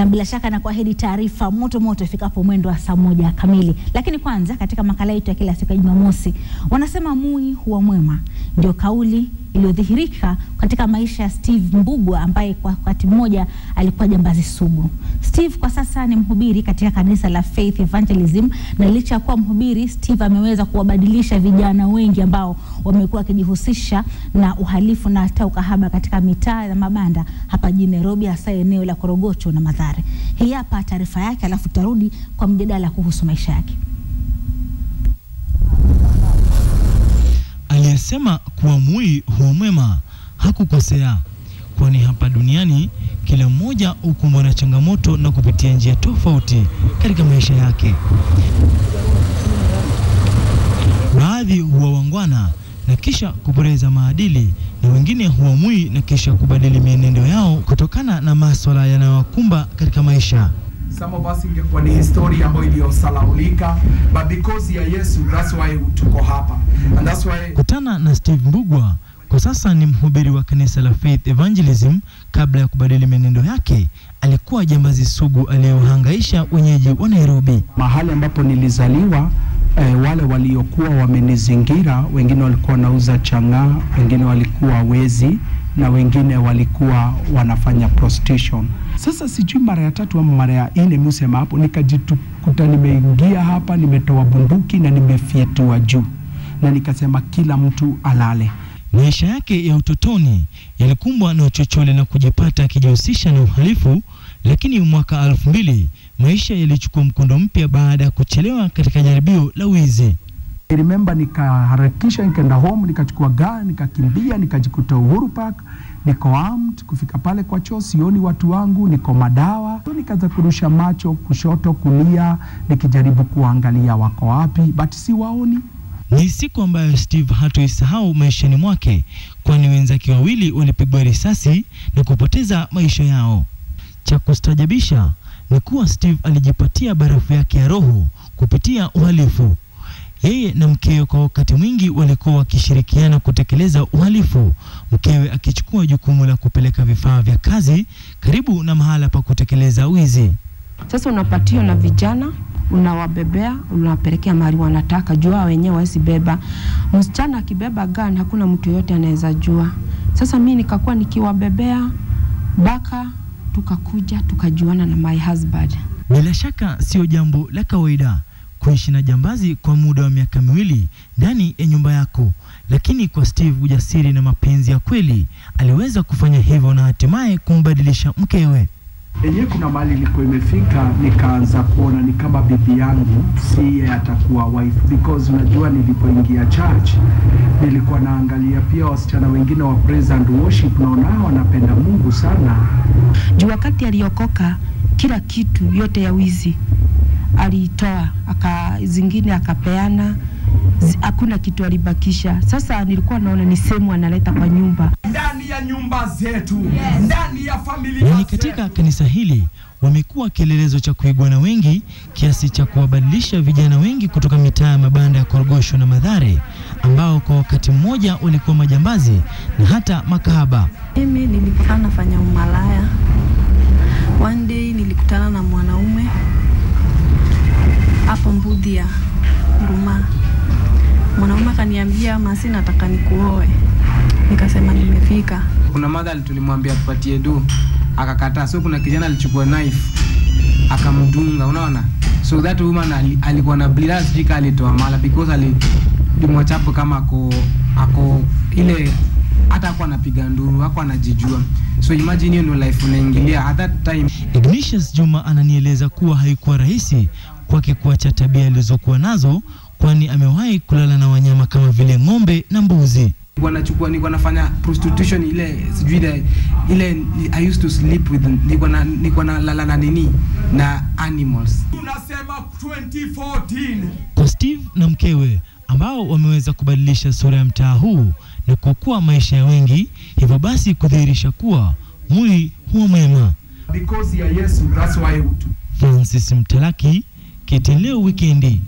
na bila shaka na kuahidi taarifa moto moto ifikapo mwendo wa saa moja kamili. Lakini kwanza katika makala yetu ya kila siku ya Jumamosi, wanasema mui huwa mwema, ndio kauli iliyodhihirika katika maisha ya Steve Mbugwa ambaye kwa wakati mmoja alikuwa jambazi sugu. Steve kwa sasa ni mhubiri katika kanisa la Faith Evangelism, na licha ya kuwa mhubiri, Steve ameweza kuwabadilisha vijana wengi ambao wamekuwa wakijihusisha na uhalifu na hata ukahaba katika mitaa ya mabanda hapa jijini Nairobi, hasa eneo la Korogocho na Mathare. Hii hapa taarifa yake, alafu tutarudi kwa mjadala kuhusu maisha yake. Anasema kuwa mwi huwa mwema hakukosea, kwani hapa duniani kila mmoja hukumbwa na changamoto na kupitia njia tofauti katika maisha yake. Baadhi huwa wangwana na kisha kuboreza maadili na wengine huamui na kisha kubadili mienendo yao kutokana na maswala yanayowakumba katika maisha. Some of us ingekuwa ni historia ambayo iliyosahaulika, but because ya Yesu, that's why tuko hapa and that's why. Kutana na Steve Mbugwa kwa sasa ni mhubiri wa kanisa la Faith Evangelism. Kabla ya kubadili menendo yake, alikuwa jambazi sugu aliyohangaisha wenyeji wa Nairobi, mahali ambapo nilizaliwa. E, wale waliokuwa wamenizingira, wengine walikuwa wanauza chang'aa, wengine walikuwa wezi na wengine walikuwa wanafanya prostitution. Sasa sijui mara ya tatu ama mara ya nne msema hapo, nikajitukuta nimeingia hapa, nimetoa bunduki na nimefyetua juu, na nikasema kila mtu alale. Maisha yake ya utotoni yalikumbwa na uchochole na kujipata akijihusisha na uhalifu, lakini mwaka elfu mbili maisha yalichukua mkondo mpya baada ya kuchelewa katika jaribio la wizi remember nikaharakisha, nikaenda home, nikachukua gari, nikakimbia, nikajikuta Uhuru Park, niko armed. Kufika pale kwa choo, sioni watu wangu, niko madawa, nikaanza kurusha macho kushoto, kulia, nikijaribu kuangalia wako wapi, but siwaoni. Ni siku ambayo Steve hatuisahau maishani mwake, kwani wenzake wawili walipigwa risasi na kupoteza maisha yao. Cha kustajabisha ni kuwa Steve alijipatia barafu yake ya roho kupitia uhalifu. Yeye na mkewe kwa wakati mwingi walikuwa wakishirikiana kutekeleza uhalifu, mkewe akichukua jukumu la kupeleka vifaa vya kazi karibu na mahala pa kutekeleza wizi. Sasa unapatiwa na vijana unawabebea unawapelekea mahali wanataka, jua wenyewe hawezi beba. Msichana akibeba gani, hakuna mtu yote anaweza jua. Sasa mi nikakuwa nikiwabebea mpaka tukakuja tukajuana na my husband. Bila shaka sio jambo la kawaida kuishi na jambazi kwa muda wa miaka miwili ndani ya nyumba yako, lakini kwa Steve ujasiri na mapenzi ya kweli aliweza kufanya hivyo na hatimaye kumbadilisha mkewe. Yenyewe kuna mahali ilikuwa imefika, nikaanza kuona ni kama bibi yangu si yeye atakuwa wife, because unajua, nilipoingia church nilikuwa naangalia pia wasichana wengine wa praise and worship, naona wanapenda Mungu sana. Juu wakati aliokoka kila kitu yote ya wizi aliitoa aka, zingine akapeana, hakuna kitu alibakisha. Sasa nilikuwa naona ni sehemu analeta kwa nyumba, ndani ya nyumba zetu, yes. ndani ya familia wenye yaani katika kanisa hili wamekuwa kielelezo cha kuigwa na wengi kiasi cha kuwabadilisha vijana wengi kutoka mitaa ya mabanda ya Korogosho na Madhare ambao kwa wakati mmoja walikuwa majambazi na hata makahaba. Mimi nilikuwa nafanya umalaya. One day nilikutana na mwanaume Mbudhi ya Ngumaa. Mwanaume akaniambia masi, nataka nikuoe. Nikasema nimefika. Kuna madha tulimwambia tupatie du, akakataa. So kuna kijana alichukua knife akamdunga, unaona so that woman al, alikuwa na blira sijui kaa alitoa mala because alipimwa chapo kama ako, ako ile hata ako anapiga nduru ako anajijua so imagine hiyo ndio life unaingilia at that time. Ignatius Juma ananieleza kuwa haikuwa rahisi kwa kikuacha tabia alizokuwa nazo, kwani amewahi kulala na wanyama kama vile ng'ombe na mbuzi. Wanachukua nilikuwa nafanya prostitution ile, sijui ile ile, I used to sleep with, nilikuwa na nilikuwa na lala na nini na animals. Tunasema 2014 kwa Steve na mkewe ambao wameweza kubadilisha sura ya mtaa huu na kuokoa maisha ya wengi, hivyo basi kudhihirisha kuwa mwili huwa mwema. Because ya Yesu, that's why. Francis Mtalaki kete leo wikendi.